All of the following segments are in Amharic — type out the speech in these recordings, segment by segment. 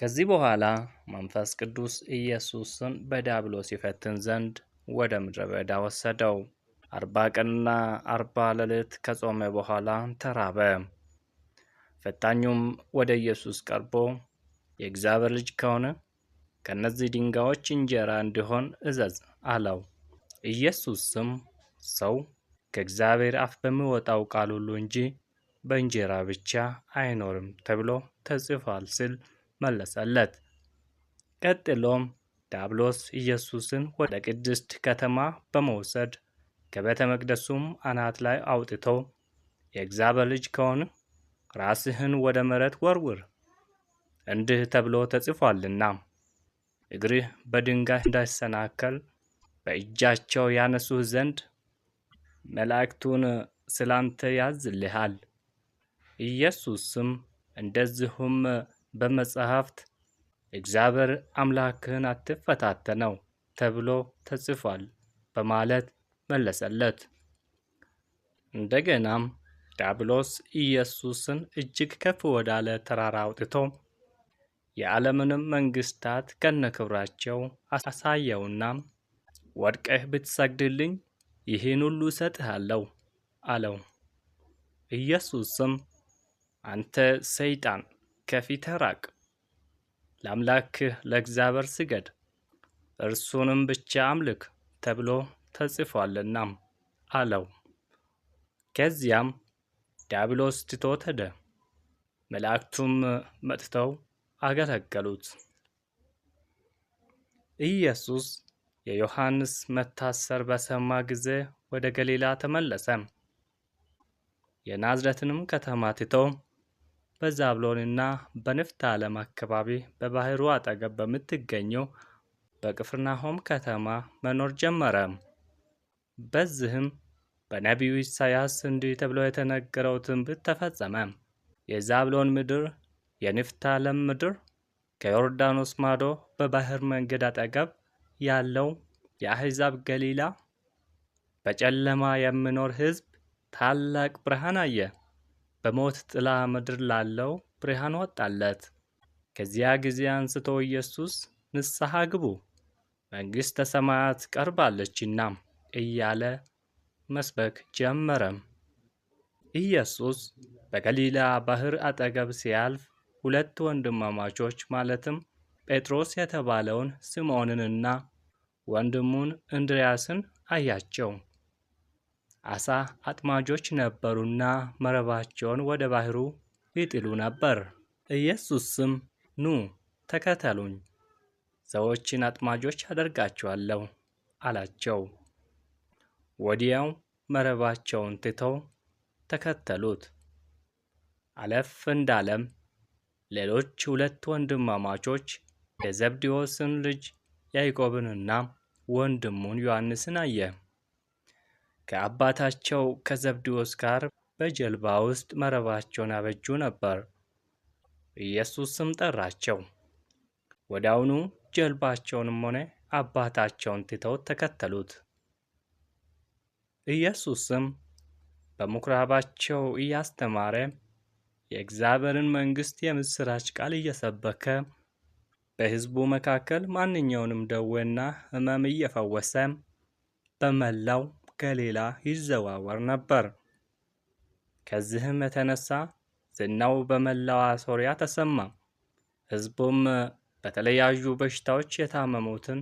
ከዚህ በኋላ መንፈስ ቅዱስ ኢየሱስን በዲያብሎስ ይፈትን ዘንድ ወደ ምድረ በዳ ወሰደው። አርባ ቀንና አርባ ሌሊት ከጾመ በኋላ ተራበ። ፈታኙም ወደ ኢየሱስ ቀርቦ የእግዚአብሔር ልጅ ከሆነ ከእነዚህ ድንጋዮች እንጀራ እንዲሆን እዘዝ አለው። ኢየሱስም ሰው ከእግዚአብሔር አፍ በሚወጣው ቃል ሁሉ እንጂ በእንጀራ ብቻ አይኖርም ተብሎ ተጽፏል ሲል መለሰለት። ቀጥሎም ዲያብሎስ ኢየሱስን ወደ ቅድስት ከተማ በመውሰድ ከቤተ መቅደሱም አናት ላይ አውጥቶ የእግዚአብሔር ልጅ ከሆን ራስህን ወደ መሬት ወርውር፣ እንዲህ ተብሎ ተጽፏልና እግርህ በድንጋይ እንዳይሰናከል በእጃቸው ያነሱህ ዘንድ መላእክቱን ስላንተ ያዝልሃል። ኢየሱስም እንደዚሁም በመጽሐፍት እግዚአብሔር አምላክህን አትፈታተነው ተብሎ ተጽፏል በማለት መለሰለት። እንደገናም ዲያብሎስ ኢየሱስን እጅግ ከፍ ወዳለ ተራራ አውጥቶ የዓለምንም መንግስታት ከነክብራቸው አሳየውና ወድቀህ ብትሰግድልኝ ይህን ሁሉ እሰጥሃለሁ አለው። ኢየሱስም አንተ ሰይጣን ከፊት ራቅ። ለአምላክህ ለእግዚአብሔር ስገድ፣ እርሱንም ብቻ አምልክ ተብሎ ተጽፏልና አለው። ከዚያም ዲያብሎስ ትቶት ሄደ። መላእክቱም መጥተው አገለገሉት። ኢየሱስ የዮሐንስ መታሰር በሰማ ጊዜ ወደ ገሊላ ተመለሰ። የናዝረትንም ከተማ ትቶ በዛብሎንና በንፍታሌም አካባቢ በባህሩ አጠገብ በምትገኘው በቅፍርናሆም ከተማ መኖር ጀመረ። በዚህም በነቢዩ ኢሳያስ እንዲህ ተብሎ የተነገረው ትንቢት ተፈጸመ። የዛብሎን ምድር፣ የንፍታሌም ምድር ከዮርዳኖስ ማዶ በባህር መንገድ አጠገብ ያለው የአሕዛብ ገሊላ፣ በጨለማ የሚኖር ሕዝብ ታላቅ ብርሃን አየ። በሞት ጥላ ምድር ላለው ብርሃን ወጣለት። ከዚያ ጊዜ አንስቶ ኢየሱስ ንስሐ ግቡ መንግሥተ ሰማያት ቀርባለችና እያለ መስበክ ጀመረም። ኢየሱስ በገሊላ ባህር አጠገብ ሲያልፍ ሁለት ወንድማማቾች ማለትም ጴጥሮስ የተባለውን ስምዖንንና ወንድሙን እንድርያስን አያቸው። አሳ አጥማጆች ነበሩና መረባቸውን ወደ ባህሩ ይጥሉ ነበር። ኢየሱስም ኑ ተከተሉኝ፣ ሰዎችን አጥማጆች አደርጋቸዋለሁ አላቸው። ወዲያው መረባቸውን ትተው ተከተሉት። አለፍ እንዳለም ሌሎች ሁለት ወንድማማቾች የዘብዴዎስን ልጅ ያዕቆብንና ወንድሙን ዮሐንስን አየ። ከአባታቸው ከዘብዴዎስ ጋር በጀልባ ውስጥ መረባቸውን አበጁ ነበር። ኢየሱስም ጠራቸው። ወዲያውኑ ጀልባቸውንም ሆነ አባታቸውን ትተው ተከተሉት። ኢየሱስም በምኩራባቸው እያስተማረ የእግዚአብሔርን መንግሥት የምሥራች ቃል እየሰበከ በሕዝቡ መካከል ማንኛውንም ደዌና ሕመም እየፈወሰ በመላው ከሌላ ይዘዋወር ነበር። ከዚህም የተነሳ ዝናው በመላዋ ሶሪያ ተሰማ። ህዝቡም በተለያዩ በሽታዎች የታመሙትን፣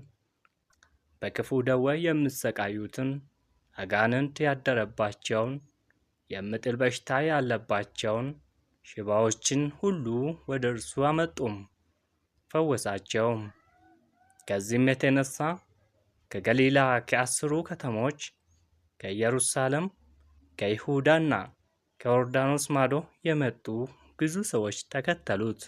በክፉ ደዌ የሚሰቃዩትን፣ አጋንንት ያደረባቸውን፣ የምጥል በሽታ ያለባቸውን፣ ሽባዎችን ሁሉ ወደ እርሱ አመጡም፣ ፈወሳቸውም። ከዚህም የተነሳ ከገሊላ ከአስሩ ከተሞች ከኢየሩሳሌም ከይሁዳና ከዮርዳኖስ ማዶ የመጡ ብዙ ሰዎች ተከተሉት።